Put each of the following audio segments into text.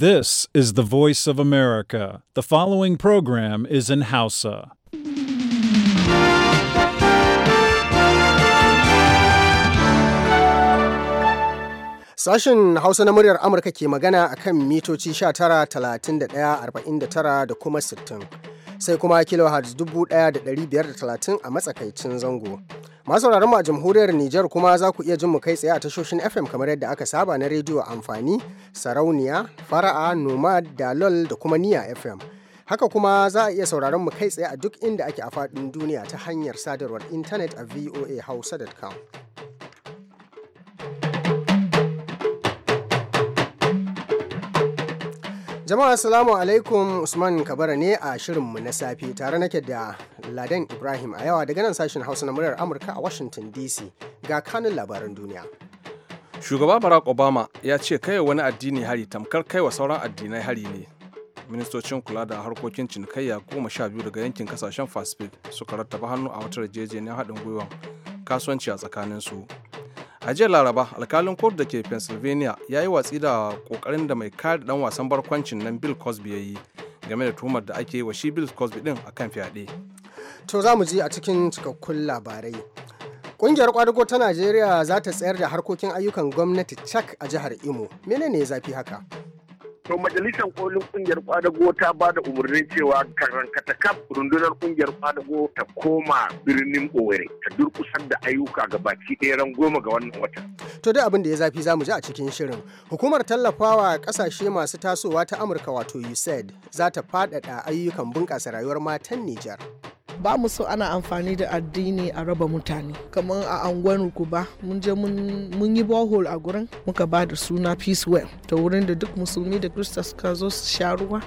This is the voice of America. The following program is in Hausa. Sashen Hausa na muryar Amurka ke magana akan mitoci 19, 31, 49 da kuma 60. sai kuma kilohertz 1530 a matsakaicin zango. Masu mu a jamhuriyar Nijar kuma za ku iya jin mu kai tsaye a tashoshin FM kamar yadda aka saba na rediyo amfani, sarauniya, fara'a, nomad, dalol da kuma niya FM. Haka kuma za a iya sauraron mu kai tsaye a duk inda ake a faɗin duniya ta hanyar sadarwar intanet a voahausa.com. Jama'a Assalamu alaikum Usman Kabara ne a shirinmu na safe tare nake da Ladan Ibrahim a yawa daga nan sashen Hausa na muryar Amurka a Washington DC ga kanun labaran duniya. Shugaba Barack Obama ya ce kai wani addini hari tamkar kai wa sauran addinai hari ne. Ministocin kula da harkokin cinikayya goma sha biyu daga yankin kasashen Pacific suka rattaba hannu a wata yarjejeniyar haɗin gwiwa kasuwanci a tsakanin su. a jiya laraba alkalin kotu da ke pennsylvania ya yi watsi da kokarin da mai kare dan wasan barkwancin nan bill cosby ya yi game da tuhumar da ake yi wa shi bill cosby din akan fyaɗe to za mu ji a cikin cikakkun labarai Ƙungiyar ƙwadago ta Najeriya za ta tsayar da harkokin ayyukan gwamnati cak a jihar Imo. Mene ne zafi haka? to majalisar kolin kungiyar kwadago ta ba da umarnin cewa karankata kaf rundunar kungiyar kwadago ta koma birnin owerri ta durkusar da ayyuka ga baki ɗaya ran goma ga wannan watan to dai abin da ya zafi zamu ji a cikin shirin hukumar tallafawa kasashe masu tasowa ta amurka wato usaid za ta faɗaɗa ayyukan bunƙasa rayuwar matan nijar ba mu so ana amfani da addini a raba mutane kamar a anguwan rukuba mun je mun yi borehole a gurin muka ba da suna peace well ta wurin da duk musulmi da krista suka zo su sha ruwa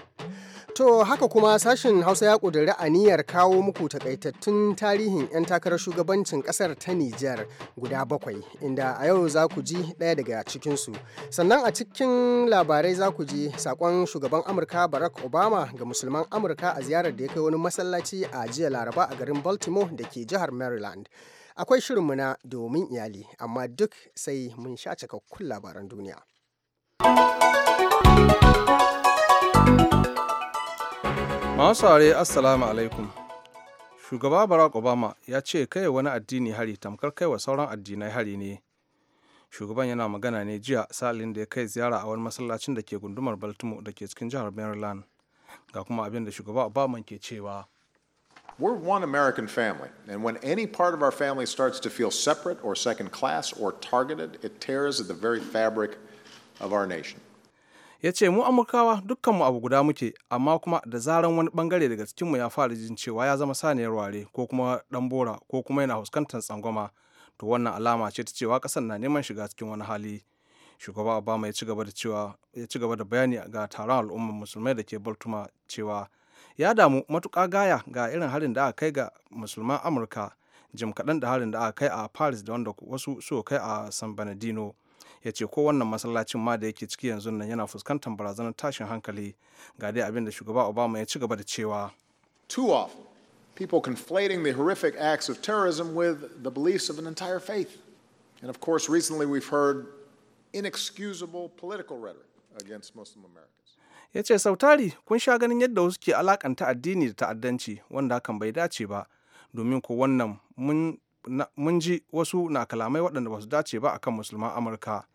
To haka kuma sashen Hausa ya ƙudiri aniyar kawo muku takaitattun tarihin 'yan takarar shugabancin ƙasar ta Nijar guda bakwai inda a yau za ku ji ɗaya daga cikinsu. Sannan a cikin labarai za ku ji saƙon shugaban Amurka Barack Obama ga musulman Amurka a ziyarar da ya kai wani masallaci a jiya Laraba a garin Baltimore da ke jihar Maryland. Akwai shirinmu na domin iyali amma duk sai mun sha cikakkun labaran duniya. masu saurare assalamu alaikum shugaba barack obama ya ce kai wani addini hari tamkar kai wa sauran addinai hari ne shugaban yana magana ne jiya salin da ya kai ziyara a wani masallacin da ke gundumar baltimore da ke cikin jihar maryland ga kuma abin da shugaba obama ke cewa We're one American family, and when any part of our family starts to feel separate or second class or targeted, it tears at the very fabric of our nation. ya ce mu amurkawa dukkanmu abu guda muke amma kuma da zaran wani bangare daga cikinmu ya fara jin cewa ya zama saniyar ware ko kuma dan bora ko kuma yana fuskantar tsangwama to wannan alama ce ta cewa kasar na neman shiga cikin wani hali shugaba obama ya ci gaba da bayani ga taron al'ummar musulmai da ke baltuma cewa ya damu matuka gaya ga irin harin da aka kai ga musulman amurka jim kaɗan da harin da aka kai a paris da wanda wasu suka kai a san benedino ya ce ko wannan masallacin ma da yake ciki yanzu nan yana fuskantar barazanar tashin hankali ga dai abin da shugaba obama ya ci gaba da cewa too often people conflating the horrific acts of terrorism with the beliefs of an entire faith and of course recently we've heard inexcusable political rhetoric against muslim americans ya ce sautari kun sha ganin yadda wasu ke alakanta addini da ta'addanci wanda hakan bai dace ba domin ko wannan mun mun ji wasu na kalamai waɗanda ba su dace ba akan musulman amurka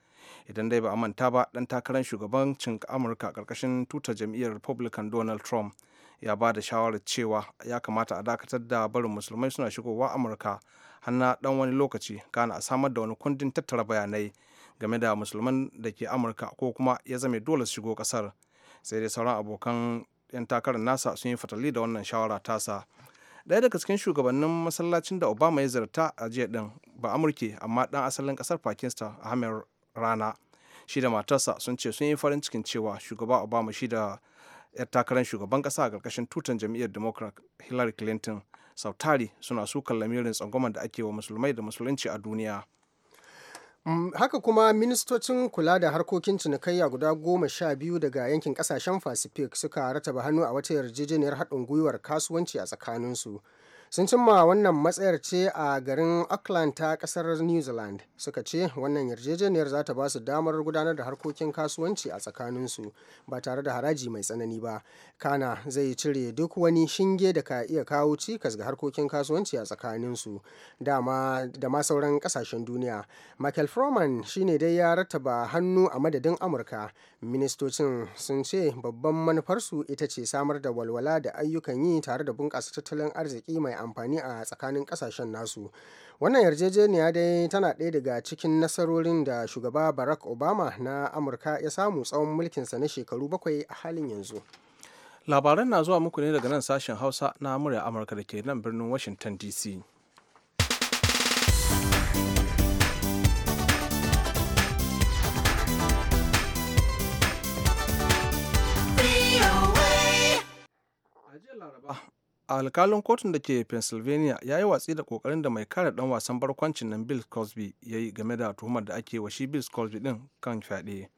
idan dai ba a manta ba ɗan takarar shugabancin amurka ƙarƙashin tutar jam'iyyar republican donald trump ya ba da shawarar cewa ya kamata a dakatar da barin musulmai suna shigowa amurka har ɗan wani lokaci kana a samar da wani kundin tattara bayanai game da musulman da ke amurka ko kuma ya zame dole su shigo ƙasar sai dai sauran abokan 'yan takarar nasa sun yi fatali da wannan shawara tasa daya daga cikin shugabannin masallacin da obama ya zarta a jiya ɗin ba amurke amma ɗan asalin ƙasar pakistan ahmed rana shi da matarsa sun ce sun yi farin cikin cewa shugaba obama shi da yar takarar shugaban ƙasa a ƙarƙashin tutan jam'iyyar democrat hillary clinton sautari suna sukan lamirin tsangwamar da ake wa musulmai da musulunci a duniya Mm, haka kuma ministocin kula da harkokin cinikayya guda goma sha biyu daga yankin kasashen pacific suka rataba hannu a wata yarjejeniyar haɗin gwiwar kasuwanci a tsakaninsu sun cimma wannan matsayar ce a garin auckland ta kasar new zealand suka ce wannan yarjejeniyar za ta ba su damar gudanar da harkokin kasuwanci a tsakaninsu ba tare da haraji mai tsanani ba kana zai cire duk wani shinge da ka iya kawo cikas ga harkokin kasuwanci a tsakaninsu dama da ma sauran kasashen duniya michael froman shine dai ya rattaba hannu a madadin amurka ministocin sun ce babban manufarsu ita ce samar da walwala da ayyukan yi tare da bunƙasa tattalin arziki mai amfani a tsakanin kasashen nasu. Wannan yarjejeniya dai tana ɗaya daga cikin nasarorin da shugaba Barack Obama na Amurka ya samu tsawon mulkinsa na shekaru bakwai a halin yanzu. Labaran na zuwa muku ne daga nan sashen Hausa na murya Amurka da ke nan birnin Washington DC. alkalin kotun da ke pennsylvania ya yi watsi da kokarin da mai kare dan wasan barkwancin nan bill cosby ya yi game da tuhumar da ake wa shi bill cosby din kan fyaɗe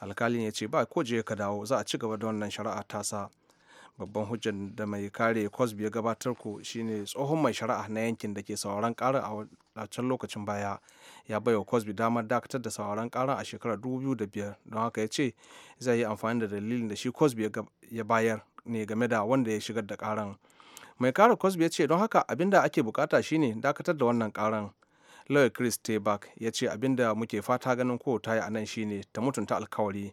alkalin ya ce ba ko je ka dawo za a ci gaba da wannan shari'a tasa babban hujjar da mai kare cosby ya gabatar ku shine tsohon mai shari'a na yankin da ke sauraron karar a can lokacin baya ya baiwa cosby damar dakatar da sauraron karar a shekarar biyar don haka ya ce zai yi amfani da dalilin da shi cosby ya bayar ne game da wanda ya shigar da karan mai kare cosby ya ce don haka abin da ake bukata shine dakatar da wannan karan lawyer chris tebak ya ce abinda muke fata ganin ko ta yi a nan shine ta mutunta alkawari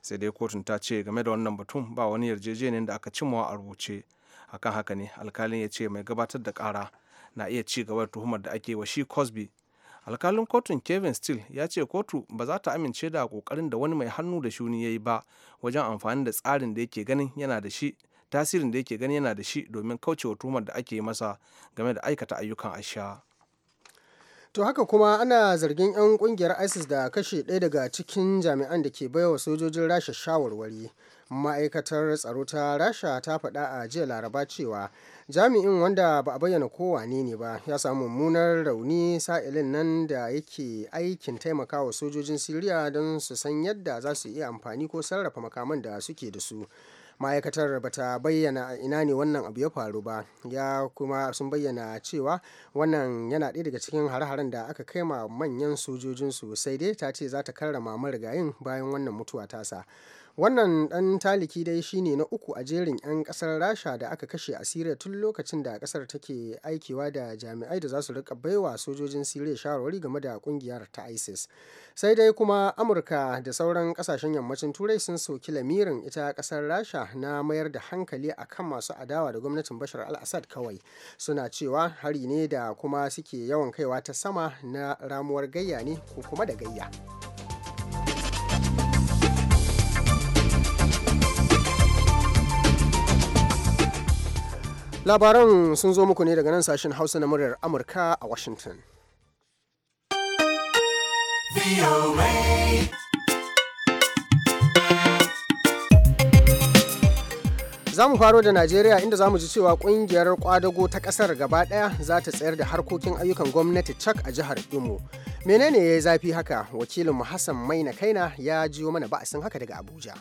sai dai kotun ta ce game da wannan batun ba wani yarjejeniyar da aka cimmawa a rubuce akan haka ne alkalin ya ce mai gabatar da kara na iya ci gaba da tuhumar da ake wa shi cosby alkalin kotun kevin steele ya ce kotu ba za ta amince da kokarin da wani mai hannu da shuni ya yi ba wajen amfani da tsarin da yake ganin yana da shi tasirin da yake gani yana da shi domin kaucewa tuhumar da ake masa game da aikata ayyukan asha. To haka kuma ana zargin 'yan kungiyar ISIS da kashe ɗaya daga cikin jami'an da ke baiwa sojojin Rasha shawarwari. Ma'aikatar tsaro ta Rasha ta faɗa a jiya Laraba cewa jami'in wanda ba a bayyana kowane ne ba ya samu mummunar rauni sa'ilin nan da yake aikin taimakawa sojojin Siriya don su san yadda za su iya amfani ko sarrafa makaman da suke da su. ma'aikatar ba ta bayyana ina ne wannan abu ya faru ba ya kuma sun bayyana cewa wannan yana ɗaya daga cikin har haren da aka kai ma manyan sojojinsu sai dai ta ce za ta karrama marigayin bayan wannan mutuwa tasa wannan ɗan taliki dai shine na uku a jerin 'yan ƙasar rasha da aka kashe a siriya tun lokacin da ƙasar take aikewa da jami'ai da za su rika baiwa sojojin siriya shawarwari game da ƙungiyar ta isis sai dai kuma amurka da sauran ƙasashen yammacin turai sun soki lamirin ita ƙasar rasha na mayar da hankali a kan masu adawa da gwamnatin bashar al-assad kawai suna cewa hari ne da kuma suke yawan kaiwa ta sama na ramuwar gayya ne ko kuma da gayya. labaran sun zo muku ne daga nan sashen hausa na muryar amurka a washington za mu faro da najeriya inda za mu ji cewa kungiyar kwadago ta kasar gaba daya za ta tsayar da harkokin ayyukan gwamnati cak a jihar imo menene ya yi zafi haka wakilin hassan maina kaina ya jiyo mana ba'asin haka daga abuja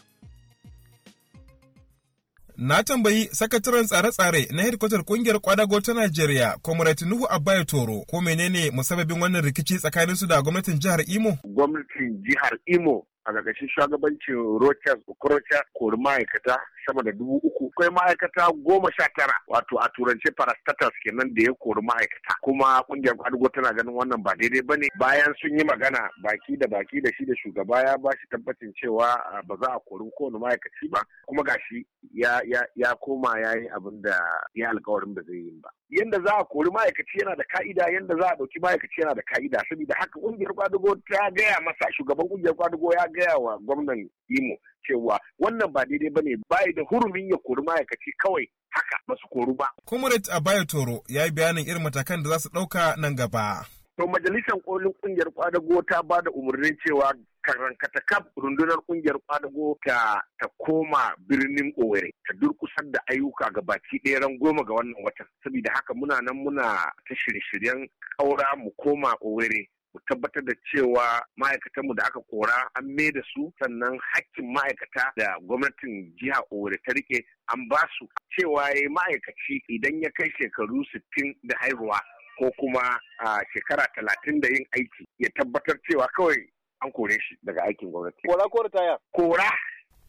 Na tambayi sakataren tsare-tsare na hedkwatar kungiyar kwadago ta Najeriya, Comrade Nuhu Abaye Toro, ko menene musababin wannan rikici tsakaninsu su da gwamnatin jihar Imo? Gwamnatin jihar Imo a ƙarƙashin shugabancin Rochas Okorocha kori ma'aikata sama da dubu uku. Akwai ma'aikata goma sha tara wato a turance parastatus kenan da ya kori ma'aikata. Kuma ƙungiyar kwadugo tana ganin wannan ba daidai ba ne. Bayan sun yi magana baki da baki da shi da shugaba ya ba shi tabbacin cewa ba za a kori kowane ma'aikaci ba. Kuma gashi ya, koma ya yi abin da ya alkawarin ba zai yi ba. yanda za a kori ma'aikaci yana da ka'ida yanda za a ɗauki ma'aikaci yana da ka'ida saboda haka ƙungiyar kwadugo ta gaya masa shugaban ƙungiyar kwadugo ya gaya wa gwamnan imo cewa wannan ba daidai ba ne, bai da hurumin ya kori ma'aikaci kawai haka ba su kori ba. comrade abayo toro ya yi bayanin irin matakan da za su ɗauka nan gaba. to majalisar kolin ƙungiyar kwadago ta ba da umarnin cewa karankatakaf rundunar kungiyar kwadago ta ta koma birnin owere ta durkusar da ayyuka ga baki ɗaya ran goma ga wannan watan saboda haka muna nan muna ta shirye-shiryen ƙaura mu koma owere mu tabbatar da cewa ma'aikatanmu da aka kora an mai da su sannan hakkin ma'aikata da gwamnatin jiha owere ta rike an ba su cewa ya ma'aikaci idan ya kai shekaru sittin da haihuwa ko kuma a shekara talatin da yin aiki ya tabbatar cewa kawai an kore shi daga aikin gwamnati. Kora ko ritaya? Kora.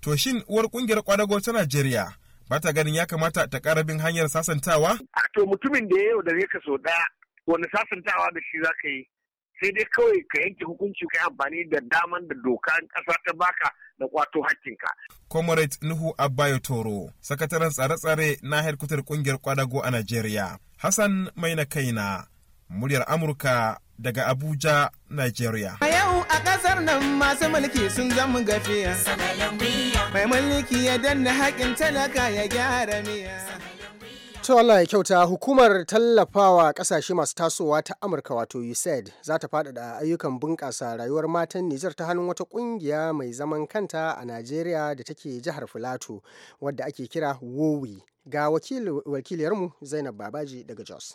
To shin uwar kungiyar kwadago ta Najeriya ba ta ganin ya kamata ta ƙara bin hanyar sasantawa? A to mutumin da yau da ka so ɗaya wani sasantawa da shi za ka yi sai dai kawai ka yanke hukunci ka amfani da daman da doka ƙasa ta baka da kwato hakkinka. Comrade Nuhu Abayo Toro, sakataren tsare-tsare na hedkwatar kungiyar kwadago a Najeriya. Hassan Maina Kaina, muryar Amurka daga Abuja, Nigeria. A yau a ƙasar nan masu mulki sun zama gafiya. Mai mulki ya danna haƙin talaka ya gyara miya. To Allah ya kyauta hukumar tallafawa kasashe masu tasowa ta Amurka wato USAID za ta faɗaɗa ayyukan bunƙasa rayuwar matan Nijar ta hannun wata ƙungiya mai zaman kanta a Najeriya da take jihar Filato wadda ake kira WOWI. Ga wakiliyarmu Zainab Babaji daga Jos.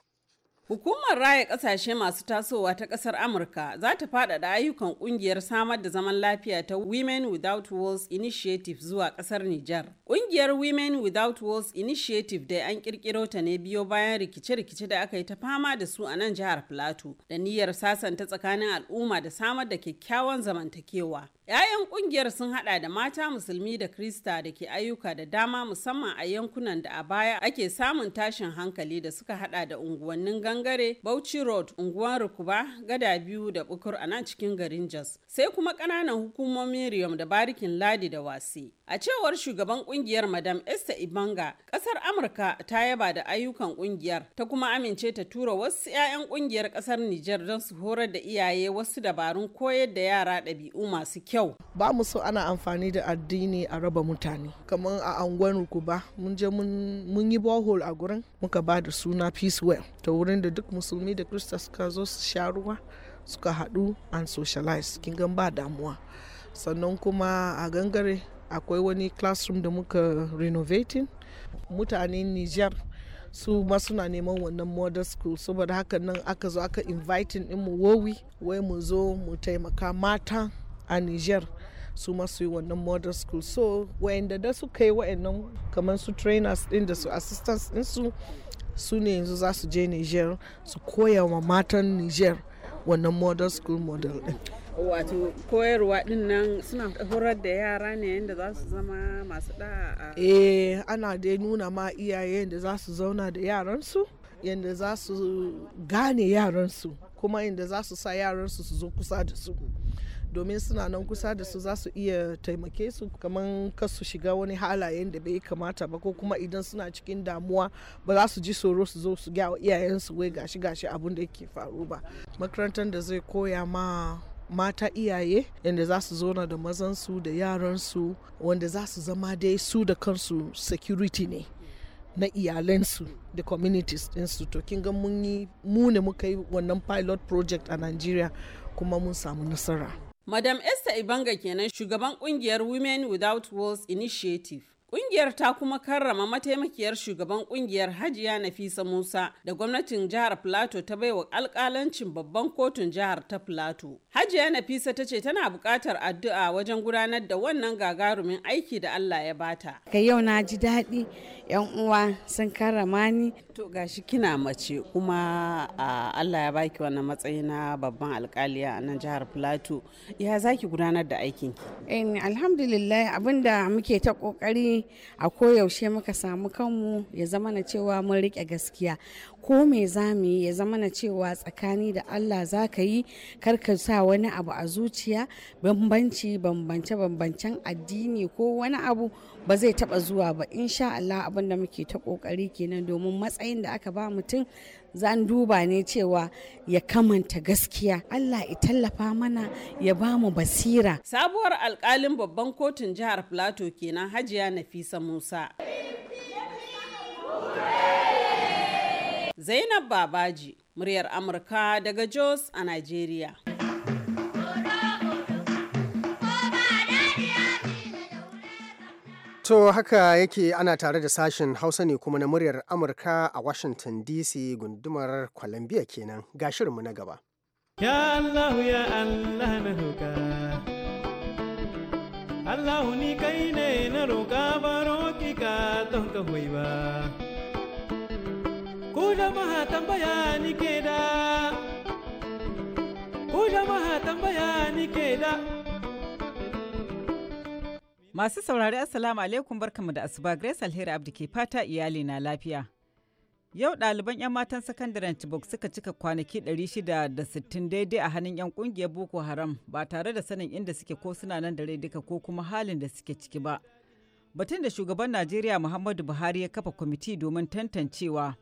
Hukumar raya kasashe masu tasowa ta kasar Amurka za ta faɗaɗa ayyukan ƙungiyar samar da zaman lafiya ta Women Without Walls Initiative zuwa ƙasar Nijar. Ƙungiyar Women Without Walls Initiative dai an ƙirƙiro ta ne biyo bayan rikice-rikice da aka yi ta fama da su a nan jihar Plateau da niyyar sasanta tsakanin al'umma da samar da kyakkyawan zamantakewa. 'Ya'yan kungiyar sun hada da mata musulmi da krista da ke ayyuka da dama musamman a yankunan da a baya ake samun tashin hankali da suka hada da unguwannin gangare, Bauchi Road, unguwan Rukuba, Gada biyu da Bukur a nan cikin garin Jos. Sai kuma ƙananan hukumomin Riyom da Barikin Ladi da Wasi. A cewar shugaban kungiyar Madam Esther Ibanga, ƙasar Amurka ta yaba da ayyukan kungiyar ta kuma amince ta tura wasu 'ya'yan kungiyar ƙasar Nijar don su horar da iyaye wasu dabarun koyar da yara ɗabi'u masu kyau. kyau ba mu so ana amfani da addini a raba mutane kamar a unguwar rukuba mun je mun yi borehole a gurin muka ba da suna peace well ta wurin da duk musulmi da krista suka zo su sha ruwa suka haɗu and socialize kin gan ba damuwa sannan kuma a gangare akwai wani classroom da muka renovating mutanen niger su ma suna neman wannan model school saboda haka nan aka zo aka inviting din mu wowi wai mu zo mu taimaka mata a niger su masu yi wannan model school so wayanda da suka yi wayannan kamar su trainers din da su assistants din su su ne yanzu za su je niger su koya wa matan niger wannan model school model din wato koyarwa din nan suna horar da yara ne yadda za su zama masu da'a eh ana dai nuna ma iyaye yadda za su zauna da yaransu yadda za su gane yaransu kuma yadda za su sa yaransu su zo kusa da su domin suna nan kusa da su za su iya taimake su kamar kasu shiga wani halayen da bai kamata ba ko kuma idan suna cikin damuwa ba za su ji tsoro su zo su gyawa iyayensu wai gashi gashi abun da yake faru ba makarantar da zai koya ma mata iyaye yadda za su zauna da mazansu da yaransu wanda za su zama dai su da kansu security ne na iyalansu da communities ɗinsu to kin ga mun yi mu ne muka yi wannan pilot project a Nigeria kuma mun samu nasara. Madam Esther Ibanga kenan shugaban kungiyar Women Without Walls Initiative. Ƙungiyar ta kuma karrama mataimakiyar shugaban ƙungiyar Hajiya Nafisa Musa da gwamnatin jihar Filato ta baiwa alkalancin babban kotun jihar ta Filato. Hajiya Nafisa ta ce tana buƙatar addu'a wajen gudanar da wannan gagarumin aiki da Allah ya bata. Ka yau na ji daɗi yan uwa sun karrama ni. To gashi kina mace kuma Allah ya baki wannan matsayi na babban alƙali a nan jihar Filato. Ya zaki gudanar da aikin Eh Alhamdulillah abinda muke ta ƙoƙari a koyaushe muka samu kanmu ya zama na cewa mun rike gaskiya ko me za mu yi ya zama na cewa tsakani da allah za ka yi karka sa wani abu a zuciya bambanci bambance bambancen addini ko wani abu ba zai taba zuwa ba insha Allah abin da muke ta kokari kenan domin matsayin da aka ba mutum zan duba ne cewa ya kamanta gaskiya Allah ya tallafa mana ya ba mu basira sabuwar alkalin babban kotun jihar Plato kenan Hajiya Nafisa Musa Zainab Babaji muryar Amurka daga Jos a Najeriya To haka yake ana tare da sashen Hausa ne kuma na muryar Amurka a Washington DC gundumar Columbia kenan ga shirinmu na gaba. Ya Allah ya Allah na roƙa. Allah ni kai ne na roƙa baro ki ka don ka hoyi ba. Ku jama'a tambaya ni ke da. Ku jama'a tambaya ni ke da. Masu saurari Assalamu alaikum barkamu da asuba Grace Alheri Abdi ke fata iyali na lafiya. Yau ɗaliban 'yan matan sakandaren Chibok suka cika kwanaki 660 daidai a hannun 'yan ƙungiyar Boko Haram ba tare da sanin inda suke ko suna nan da rai duka ko kuma halin da suke ciki ba. Batun da shugaban Najeriya Muhammadu Buhari ya kafa kwamiti domin tantancewa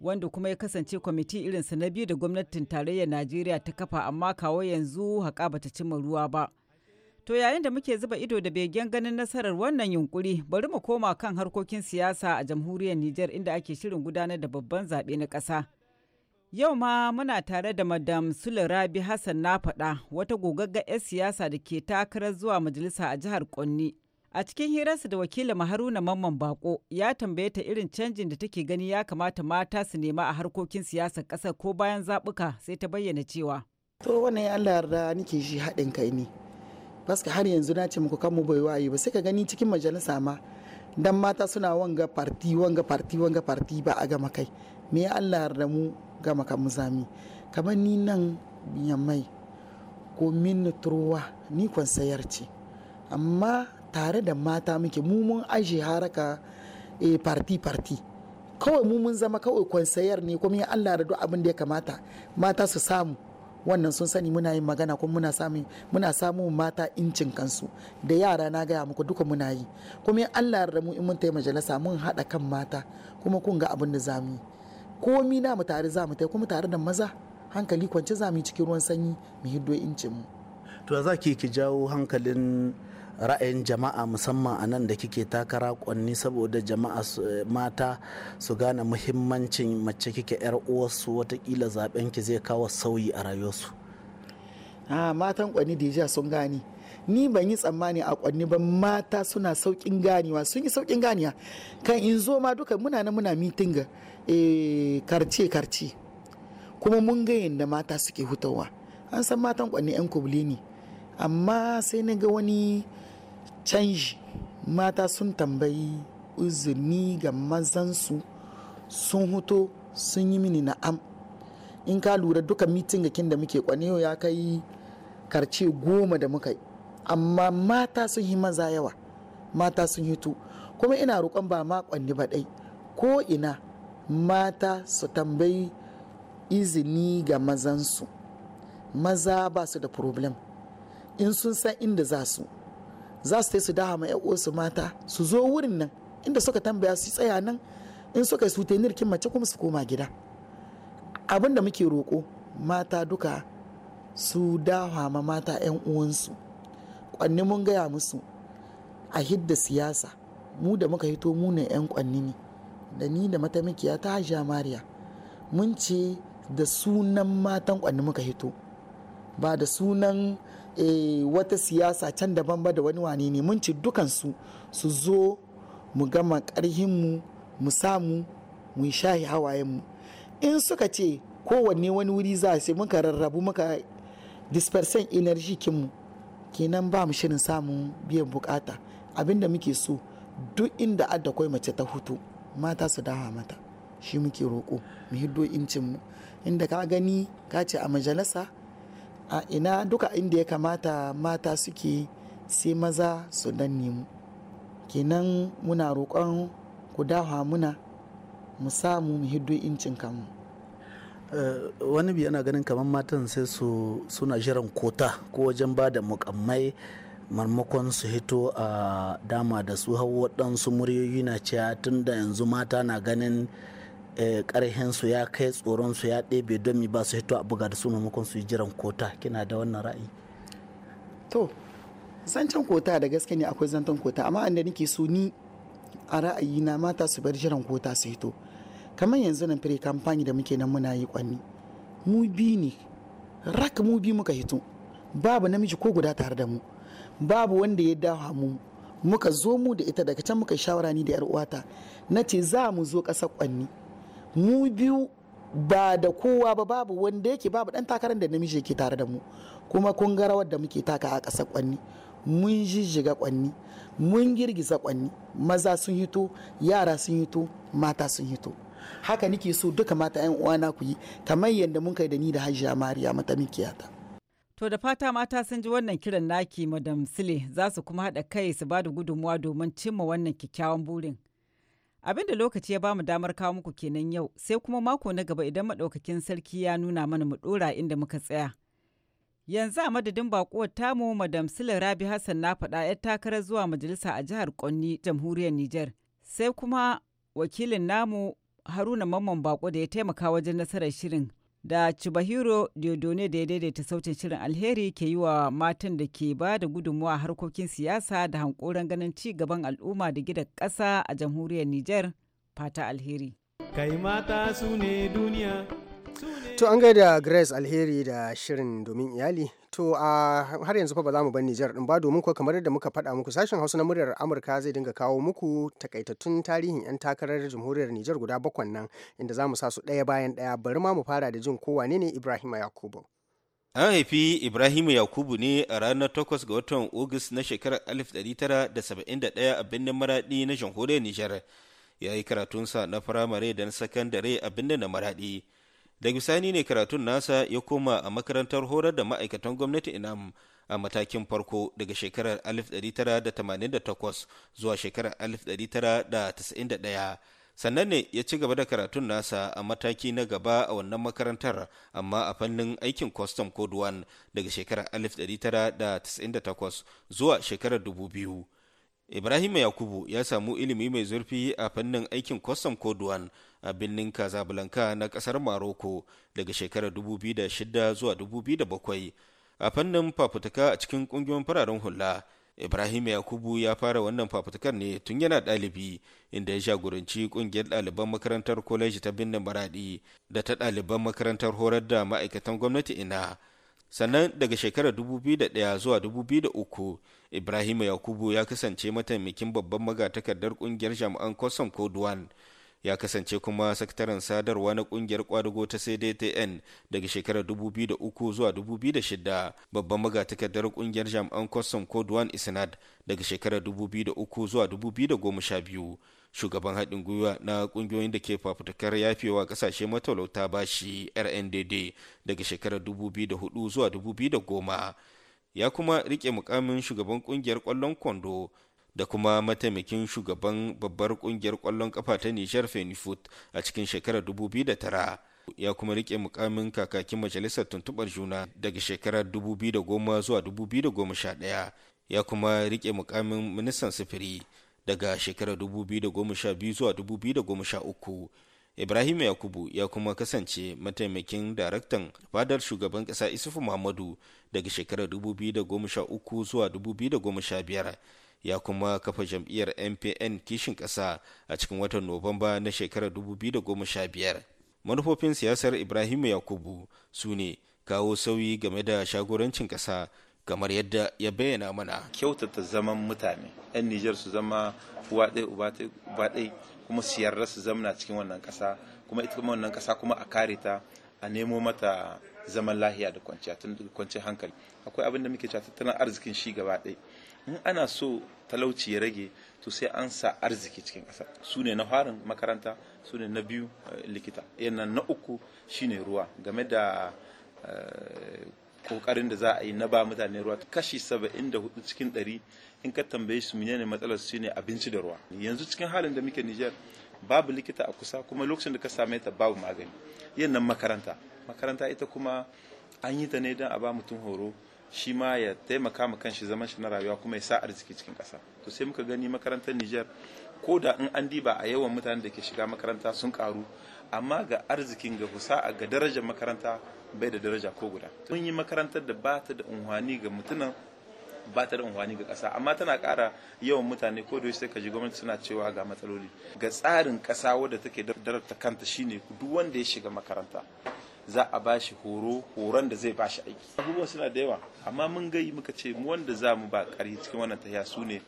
wanda kuma ya kasance kwamiti irinsa na biyu da gwamnatin tarayyar Najeriya ta kafa amma kawo yanzu haƙa bata cimma ruwa ba. To yayin da muke zuba ido da begen ganin nasarar wannan yunkuri bari mu koma kan harkokin siyasa a jamhuriyar Nijar inda ake shirin gudanar da babban zaɓe na ƙasa. Yau ma muna tare da Madam Sule Rabi Hassan na faɗa wata gogagga 'yar siyasa da ke takarar zuwa majalisa a jihar Konni. A cikin hirarsa da wakilin maharuna Mamman Bako ya tambaye ta irin canjin da take gani ya kamata mata su nema a harkokin siyasar ƙasar ko bayan zaɓuka sai ta bayyana cewa. To wannan ya Allah yarda nake shi haɗin kai ne. paske har yanzu na ce muku kan mu bai waye ba sai ka gani cikin majalisa ma dan mata suna wanga parti wanga parti wanga parti ba a gama kai me Allah yarda mu gama kan zami kamar ni nan yammai ko min turwa ni kwansayar ce amma tare da mata muke mu mun aje haraka eh parti parti kawai mu mun zama kawai kwansayar ne kuma ya Allah da duk abin da ya kamata mata su samu wannan sun sani muna yin magana kuma muna samun muna samu mata incin kansu da yara na gaya muku duka muna yi kuma Allah ya mu in mun tayi majalisa mun haɗa kan mata kuma kun ga abin da za mu yi komi na mu tare za mu kuma tare da maza hankali kwance za cikin ruwan sanyi mu hiddo incin mu to za ki ki jawo hankalin ra'ayin jama'a musamman a nan da kike takara kwanni saboda jama'a eh, mata su gane muhimmancin mace kike yar uwarsu watakila zaben ki zai kawo sauyi a rayuwarsu a matan kwanni deja sun gane ni ban yi tsammani a kwanni ba mata suna saukin ganewa sun yi saukin ganiya kan in zo ma duka muna na muna mitinga eh, karce karce kuma mun ga yanda mata suke hutawa an san matan kwanni yan kubli ne amma sai na ga wani canji mata sun tambayi izini ga mazansu sun huto sun yi mini na'am in ka lura duka mitin da muke kwanewa ya kai karce goma da muka yi amma mata sun yi maza yawa mata sun hito kuma ina roƙon ba ma kwanni ba dai ko ina mata su tambayi izini ga mazansu maza ba su da problem in sun san inda za su za su su daha ma uwansu mata su zo wurin nan inda suka tambaya su tsaya nan in suka yi sutenir nirkin mace kuma su koma gida abin da muke roƙo mata duka su dawa ma mata 'yan uwansu kwanni mun gaya musu a hidda siyasa mu da muka hito mu ne 'yan kwanni ne da ni da mikiya ta hajiya mariya mun ce da sunan matan kwanni muka hito ba da sunan e, wata siyasa can daban ba da wani wani ne mun ci dukansu su zo mu gama karhin mu samu mu shahi hawayenmu in suka ce kowanne wani wuri za sai muka rarrabu muka dispersen energy kinmu kenan ba mu shirin samun biyan bukata abinda muke so duk inda adda kwai mace ta hutu mata su dawa mata shi muke roƙo mu hiddo incinmu inda ka gani ka ce a majalisa a ina duka inda ya kamata mata suke sai maza su dan nemo kenan muna roƙon ku dawa muna mu samu mu hiddo incin kanmu eh, wani biyu yana ganin kamar matan sai su suna jiran kota ko wajen ba da mukammai marmakon su hito a dama da su hau waɗansu muryoyi na cewa tun da yanzu mata na ganin karhen eh, su ya kai tsoron su ya ɗebe don mi ba su hito a buga da su maimakon su yi jiran kota kina da wannan ra'ayi to zancen kota da gaske ne akwai zancen kota amma inda nake so ni a ra'ayi na mata su bar jiran kota su hito kamar yanzu nan fire kamfani da muke nan muna yi kwanni mu bi ne rak mu bi muka hito babu namiji ko guda tare da mu babu wanda ya dawa mu muka zo mu da ita daga can muka shawara ni da yar uwata na ce za mu zo ƙasa kwanni mu biyu ba da kowa ba babu wanda yake babu dan takarar da namiji yake tare da mu kuma kun ga rawar da muke taka a ƙasar kwanni mun jijjiga kwanni mun girgiza kwanni maza sun hito yara sun hito mata sun hito haka nike so duka mata yan uwana ku yi kamar yadda mun kai da ni da hajiya mariya mata mikiyata to da fata mata sun ji wannan kiran naki madam sile za su kuma haɗa kai su ba da gudunmuwa domin cimma wannan kyakkyawan burin Abin da lokaci ya ba mu damar kawo muku kenan yau sai kuma mako na gaba idan maɗaukakin sarki ya nuna mana mu ɗora inda muka tsaya. Yanzu a madadin baƙuwar tamu Madam Sule Rabi Hassan na faɗa 'yar takarar zuwa majalisa a jihar Konni, jamhuriyar Nijar. Sai kuma wakilin namu Haruna Mamman Bako da ya taimaka wajen nasarar shirin da Chibahiro Diodone da ya daidaita sautin shirin alheri ke yi wa matan da ke ba da gudunmuwa harkokin siyasa da hankoran ganin ci gaban al'umma da gidan ƙasa a jamhuriyar Nijar fata alheri. Kai mata su ne duniya To an gaida Grace Alheri da shirin domin iyali. To a har yanzu fa ba za mu bar Nijar din ba domin ko kamar yadda muka faɗa muku sashen Hausa na muryar Amurka zai dinga kawo muku takaitattun tarihin 'yan takarar jamhuriyar Nijar guda bakwan nan inda za mu sa su ɗaya bayan ɗaya bari ma mu fara da jin kowa ne Ibrahim Yakubu. An haifi ibrahim Yakubu ne a ranar 8 ga watan ogus na shekarar 1971 a birnin Maradi na jamhuriyar Nijar. Ya yi karatunsa na firamare da na sakandare a birnin na Maradi. da bisani ne karatun nasa ya koma a makarantar horar da ma'aikatan gwamnati inam a matakin farko daga shekarar 1988 zuwa shekarar 1991 sannan ne ya ci gaba da karatun nasa a mataki na gaba a wannan makarantar amma a fannin aikin kwastam code 1 daga shekarar 1998 zuwa shekarar 2000 Ibrahim Yakubu ya samu ilimi mai zurfi a fannin aikin kwastam koduwan a birnin Casablanca na kasar Maroko daga shekarar 2006 zuwa 2007 a fannin fafutuka a cikin kungiyoyin fararen hula. Ibrahim Yakubu ya fara wannan fafutukar ne tun yana ɗalibi inda ya jagoranci ƙungiyar ɗaliban makarantar kwaleji ta birnin Maradi da ta ɗaliban makarantar horar da ma'aikatan gwamnati ina sannan daga shekarar 2001 zuwa 2003 ibrahim yakubu ya kasance mataimakin babban magatakardar kungiyar jami'an kwasan koduwan ya kasance kuma sakataren sadarwa na kungiyar kwadugo ta cdtn daga shekarar 2003 zuwa 2006 babban magatakardar kungiyar jami'an kwasan koduwan isnad daga shekarar 2003 zuwa 2012 shugaban haɗin gwiwa na ƙungiyoyin da ke fafutukar yafewa ƙasashe matalauta shi rndd daga shekarar 2004 zuwa 2010 ya kuma riƙe mukamin shugaban ƙungiyar ƙwallon kwando da kuma mataimakin shugaban babbar ƙungiyar ƙwallon ƙafa ta nijar fenifut a cikin shekarar 2009 ya kuma rike mukamin kakakin majalisar tuntuɓar juna daga shekarar 2010 zuwa 2011 ya kuma riƙe mukamin ministan sifiri. daga shekarar 2012 zuwa 2013 ibrahim yakubu ya kuma kasance mataimakin daraktan fadar shugaban kasa isufu muhammadu daga shekarar 2013 zuwa 2015 ya kuma kafa jam'iyyar mpn kishin kasa a cikin watan nuwamba na shekarar 2015 manufofin siyasar ibrahim yakubu su ne kawo sauyi game da shagorancin kasa. kamar yadda ya bayyana mana kyautata zaman mutane 'yan nijar su zama uwa ɗaya uba ɗaya kuma su yarda su zamana cikin wannan ƙasa kuma ita kuma wannan ƙasa kuma a kare ta a nemo mata zaman lahiya da kwanciya tun da kwanciyar hankali akwai abin da muke cewa tattalin arzikin shi gaba ɗaya in ana so talauci ya rage to sai an sa arziki cikin ƙasa su ne na farin makaranta su ne na biyu eh, likita yana na uku shine ruwa game da eh, kokarin da za a yi na ba mutane ruwa kashi 74 cikin 100 in ka tambaye su menene matsalar su ne abinci da ruwa yanzu cikin halin da muke Niger babu likita a kusa kuma lokacin da ka same ta babu magani yin nan makaranta makaranta ita kuma an yi ta ne don a ba mutum horo shi ma ya taimaka ma kanshi zaman shi na rayuwa kuma ya sa arziki cikin ƙasa to sai muka gani makarantar Niger ko da in an diba a yawan mutanen da ke shiga makaranta sun karu amma ga arzikin ga husa ga darajar makaranta bai da daraja ko guda mun yi makarantar da ba ta da unhwani ga mutumin ba ta da unhwani ga ƙasa amma tana kara yawan mutane ko da ka ji gwamnati suna cewa ga matsaloli ga tsarin kasa wadda take darabta kanta shine duk wanda ya shiga makaranta za a ba shi horo horon da zai ba shi aiki abubuwan suna da yawa amma mun gai muka ce mu wanda za mu ba ƙari cikin wannan tahiya su ne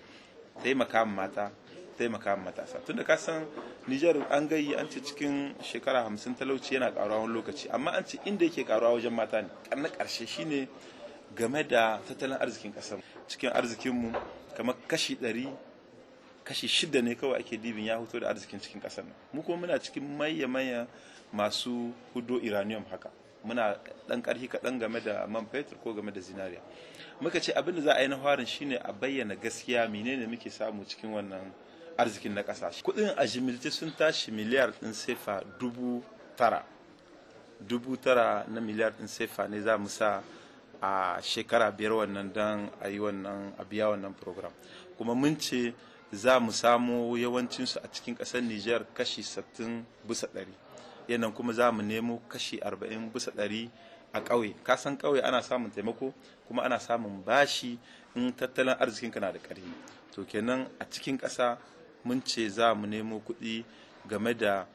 taimaka mata taimaka matasa tun da kasan Nijar an gayi an ce cikin shekara hamsin talauci yana karuwa wani lokaci amma an ce inda yake karuwa wajen mata ne na karshe shine game da tattalin arzikin kasar cikin arzikinmu kamar kashi ɗari kashi shida ne kawai ake dibin ya huto da arzikin cikin kasar nan mu kuma muna cikin maya maya masu hudo iranium haka muna dan karfi kaɗan game da man fetur ko game da zinariya muka ce abin da za a yi na farin shine a bayyana gaskiya menene muke samu cikin wannan arzikin na ƙasashe kuɗin a jimilce sun tashi miliyar ɗin sefa dubu tara dubu tara na miliyar ɗin sefa ne za mu sa a shekara biyar wannan don a yi wannan a biya wannan program kuma mun ce za mu samo yawancinsu a cikin ƙasar niger kashi 60 bisa ɗari yanan kuma za mu nemo kashi 40 bisa ɗari a ƙauye kasan ƙauye ana samun taimako kuma ana samun bashi in tattalin arzikinka na da ƙarfi to kenan a cikin ƙasa mun ce za mu nemo kuɗi game da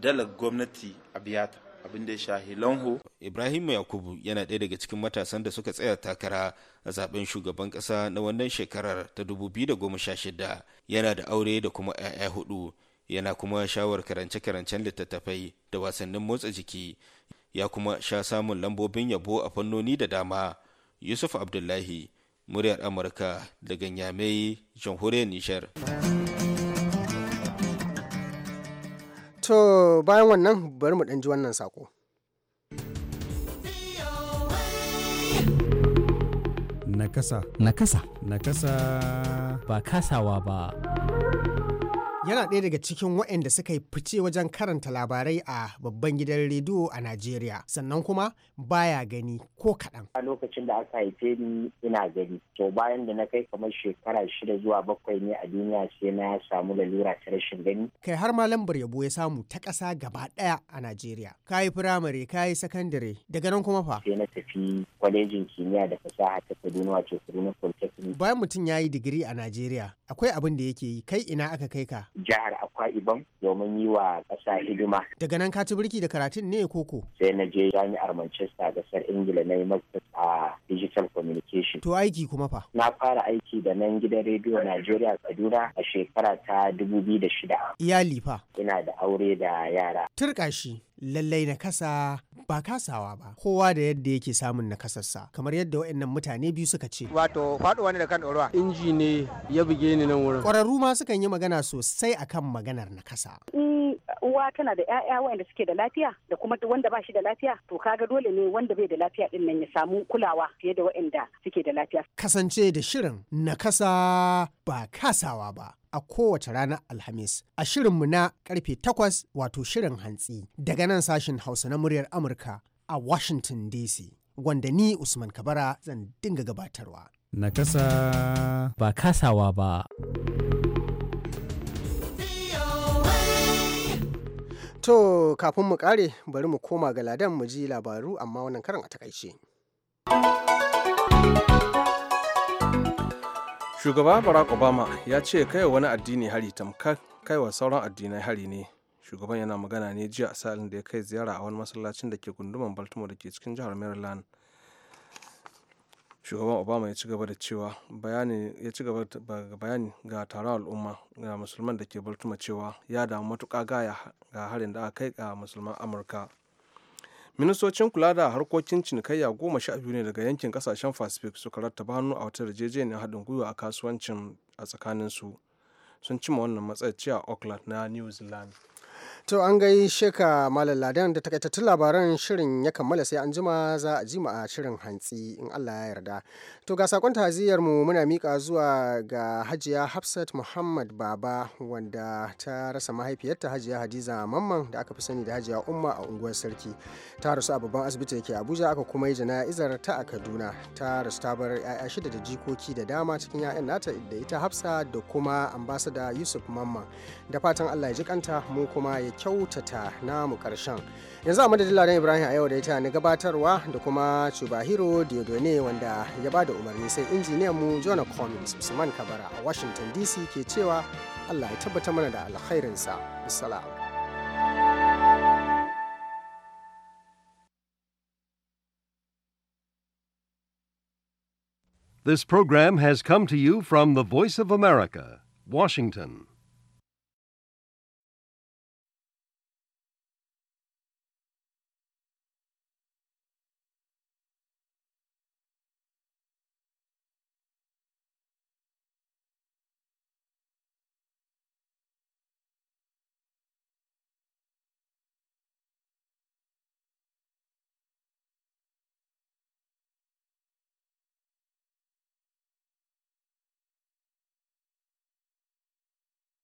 dalar gwamnati a biyata abin da ya shahi lanho. Ibrahim Yakubu yana ɗaya daga cikin matasan da suka tsaya takara a zaben shugaban ƙasa na wannan shekarar ta 2016 yana da aure da kuma 'ya'ya hudu yana kuma shawar karance-karancen littattafai da wasannin motsa jiki ya kuma sha samun lambobin yabo a fannoni da dama yusuf abdullahi muryar amurka daga nyamai jamhuriyar nishar. To bayan wannan bari mu ɗan ji wannan sako. Nakasa. Nakasa. Nakasa. Ba kasawa ba. yana ɗaya daga cikin waɗanda suka yi fice wajen karanta labarai a babban gidan rediyo a Najeriya sannan kuma baya gani ko kaɗan. A lokacin da aka haife ni ina gani to bayan da na kai kamar shekara shida zuwa bakwai ne a duniya sai na samu lalura ta rashin gani. Kai har ma lambar yabo ya samu ta ƙasa gaba ɗaya a Najeriya. Ka yi firamare ka yi sakandare daga nan kuma fa. Sai na tafi kwalejin kimiyya da fasaha ta Kaduna wato Kaduna Polytechnic. Bayan mutum ya yi digiri a Najeriya akwai abin da yake yi kai ina aka kai ka jihar akwa ibom domin yi wa ƙasa hidima daga nan ka ci birki da karatun ne koko sai na je jami'ar manchester gasar ingila na yi a digital communication to aiki kuma fa na fara aiki da nan gidan rediyo najeriya kaduna a shekara ta dubu biyu da shida. iyali fa ina da aure da yara turka lallai nakasa ba kasawa ba kowa da yadda yake samun nakasarsa kamar yadda waɗannan mutane biyu suka ce wato faɗo ne da kan ɗorawa inji ne ya buge ni nan wurin ƙwararru ma sukan yi magana sosai akan maganar nakasa uwa tana da 'ya'ya wanda suke da lafiya da kuma wanda ba shi da lafiya to kaga dole ne wanda bai da lafiya din nan ya samu kulawa fiye da waɗanda suke da lafiya. Kasance da shirin na kasa ba kasawa ba. a kowace ranar Alhamis a shirin mu na karfe takwas wato shirin hantsi daga nan sashen Hausa na muryar Amurka a Washington DC wanda ni Usman Kabara zan dinga gabatarwa. Na kasa ba kasawa ba. To kafin mu kare bari mu koma ga ladan mu ji labaru amma wannan karan a takaice. Shugaba Barack Obama ya ce kai wani addini hari tamkar kaiwa sauran addinai hari ne. Shugaban yana magana ne jiya a salin da ya kai ziyara a wani masallacin da ke gunduman Baltimore da ke cikin jihar Maryland. shugaban obama ya ci gaba da cewa bayani ga taron al'umma ga musulman da ke baltuma cewa ya damu matuka gaya ga harin da aka kai ga musulman amurka ministocin kula da harkokin cinikayya goma sha biyu ne daga yankin kasashen pacific suka rattaba hannu a wata yarjejeniyar haɗin gwiwa a kasuwancin a tsakaninsu sun cima wannan matsayi a auckland na new zealand To an gai sheka Malam Ladan da takaitattun labaran shirin ya kammala sai an jima za a jima a shirin hantsi in Allah ya yarda. To ga sakon taziyar mu muna mika zuwa ga Hajiya Hafsat Muhammad Baba wanda ta rasa mahaifiyarta Hajiya Hadiza Mamman da aka fi sani da Hajiya Umma a unguwar Sarki. Ta rasu a babban asibiti yake Abuja aka kuma yi jana'izar ta a Kaduna. Ta rasu ta bar 'ya'ya shida da jikoki da dama cikin 'ya'yan nata da ita Hafsa da kuma ambasada Yusuf Mamman. Da fatan Allah ya ji kanta mu kuma ya kyautata namu karshen yanzu a madadin ladan ibrahim a yau da ita na gabatarwa da kuma chubahiro diodone wanda ya ba da umarni sai injiniyan mu jona collins usman kabara a washington dc ke cewa allah ya tabbata mana da alkhairinsa salam This program has come to you from the Voice of America, Washington.